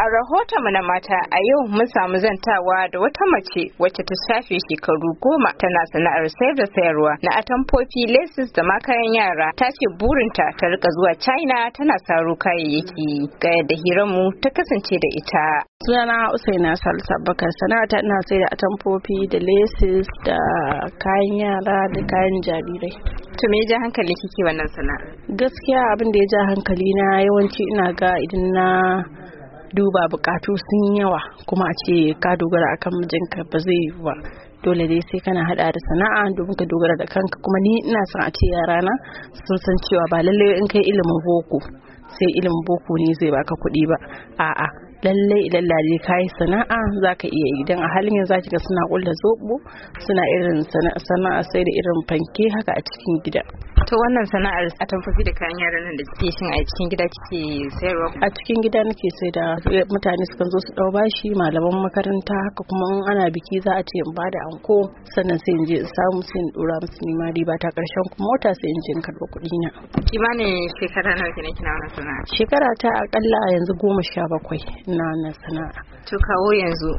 A rahotonmu na mata a yau mun samu zantawa da wata mace wacce ta shafe shekaru goma tana sana'ar sayar da sayarwa na atamfofi lesis da makayan yara ta ce burinta ta rika zuwa China tana saro kayayyaki ga yadda hiranmu ta kasance da ita. Sunana Usaina Salsa Bakar sana'ata ina sai da atamfofi da lesis da kayan yara da kayan jarirai. To me ya ja hankali kike wannan sana'a? Gaskiya abin da ya ja hankali na yawanci ina ga idan na duba bukatu sun yi yawa kuma a ce ka dogara akan mijinka ba zai yi ba dole dai sai kana hada da sana'a domin ka dogara da kanka kuma ni ina son a ce na sun san cewa ba lalle in kai ilimin boko sai ilimin boko ne zai baka kuɗi ba a'a lalle idan lalle kayi sana'a zaka iya idan a halin yanzu zaki ga suna kulla zobo suna irin sana'a sai da irin fanke haka a cikin gida to wannan sana'ar a tamfafi da kayan yaran nan da suke shin a cikin gida kike sayarwa a cikin gida nake sai da mutane sukan zo su dau bashi malaman makaranta haka kuma in ana biki za a ce in bada anko sannan sai in je in samu sai in dora musu nima riba ta karshen kuma wata sai in je in karɓa kuɗi na kimanin shekara nawa kina kina wannan sana'a shekara ta akalla yanzu goma sha bakwai ina wannan sana'a to kawo yanzu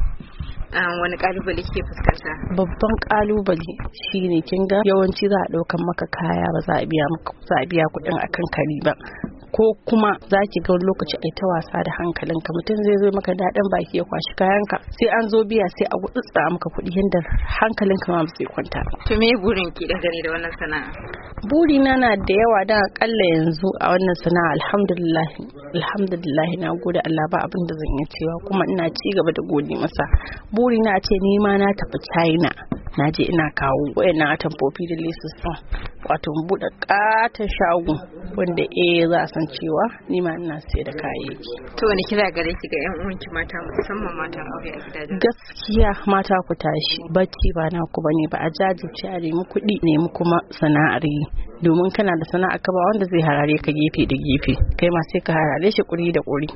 wani kalubale ke fuskanta babban kalubale shine kin ga yawanci za a daukan maka kaya ba za a biya maka za a biya kuɗin akan kari ba ko kuma za ki ga lokaci ai ta wasa da hankalinka mutum zai zo maka daɗin baki ya kwashi kayanka sai an zo biya sai a gutsutsa maka kuɗi yadda hankalinka ma zai kwanta To me burin ki dangane da wannan sana'a? Buri na na da yawa da akalla yanzu a wannan sana'a alhamdulillah alhamdulillah na gode Allah ba abin da zan yi cewa kuma ina ci gaba da gode masa. Buri na a ce ni ma na tafi China na je ina kawo wayannan atamfofi da lesus wato buɗe ƙaton shago wanda eh za a san cewa ni ma ina sai da kayayyaki. To wani kira gare ki ga 'yan uwanki mata musamman mata aure a gidajen? Gaskiya mata ku tashi bacci ba na ku bane ba a jajirce a nemi kuɗi nemi kuma sana'ar yi domin kana da sana'a kaba wanda zai harare ka gefe da gefe kai ma sai ka harare shi kuri da kuri.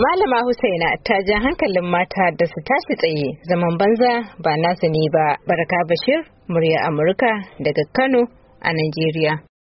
Malama Husaina ta ja hankalin mata da su tashi tsaye zaman banza ba nasu ne ba. Barka Bashir, murya Amurka daga Kano, and Nigeria.